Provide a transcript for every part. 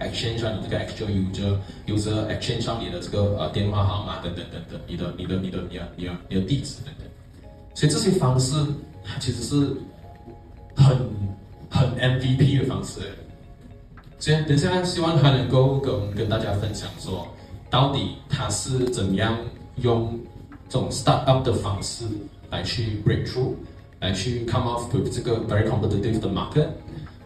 exchange 上你這個 actual user user exchange 上你的這個啊電話號碼等等等等，你的你的你的你啊你啊你的地址等等，所以這些方式其實是很很 MVP 的方式。所以等下希望他能夠跟跟大家分享，說到底他是怎樣用這種 start up 的方式來去 break through，來去 come out with 這個 very competitive 的 market。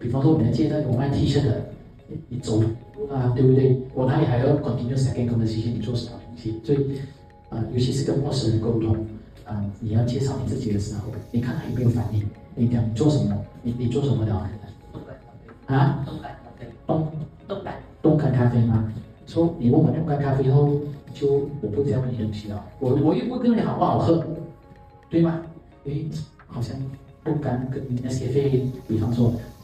比方說，我接得我賣 T 恤的，你，你走啊對不對？我係要 continue second 咁嘅事情，你做什麼東西？所以，啊、呃，尤其是跟陌生人溝通，啊、呃，你要介紹你自己的時候，你看他有冇反應？你講做什麼？你你做什麼的啊？啊東北東東北東北咖啡嗎？所以你問我東北咖啡以後，後就我不知道你乜嘢東西啦。我我又唔知你好唔好，好喝，對嗎？誒，好像東北嗰啲那些啡，比方說。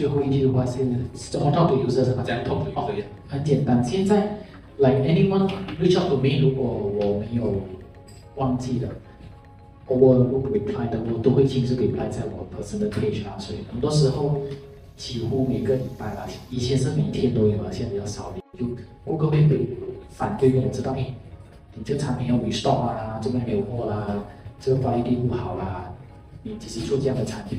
最後一句話，直接同啲 user 係嘛？直接同哦，很簡單，現在，like anyone reach out to me，如果我沒有忘記的，我 reply 的，我都會親自可以擺在我 personal 的 page 啊。所以，很多時候，幾乎每個禮拜吧，以前是每天都有啊，現在比較少啲。就顧客會反饋，我知道你、哎，你個產品要 restock 啦，這邊沒有貨啦，個發力勁唔好啦，你只是做這樣的產品。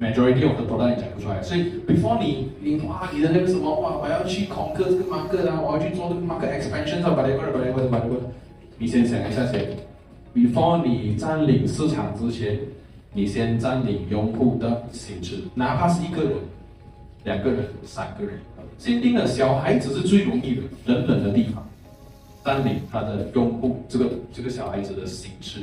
Majority of the product 你做唔出來，所以 before 你，你哇，你的那個什麼哇？我要去 conquer 呢個 market 啊，我要去做這個 market expansion 啊，嗰啲嗰啲嗰啲嗰啲，你先想一下先。before 你佔領市場之前，你先佔領用戶的心智，哪怕是一個人、兩個人、三個人。先定了小孩子是最容易的，冷冷的地方，佔領他的用戶，這個這個小孩子的心智。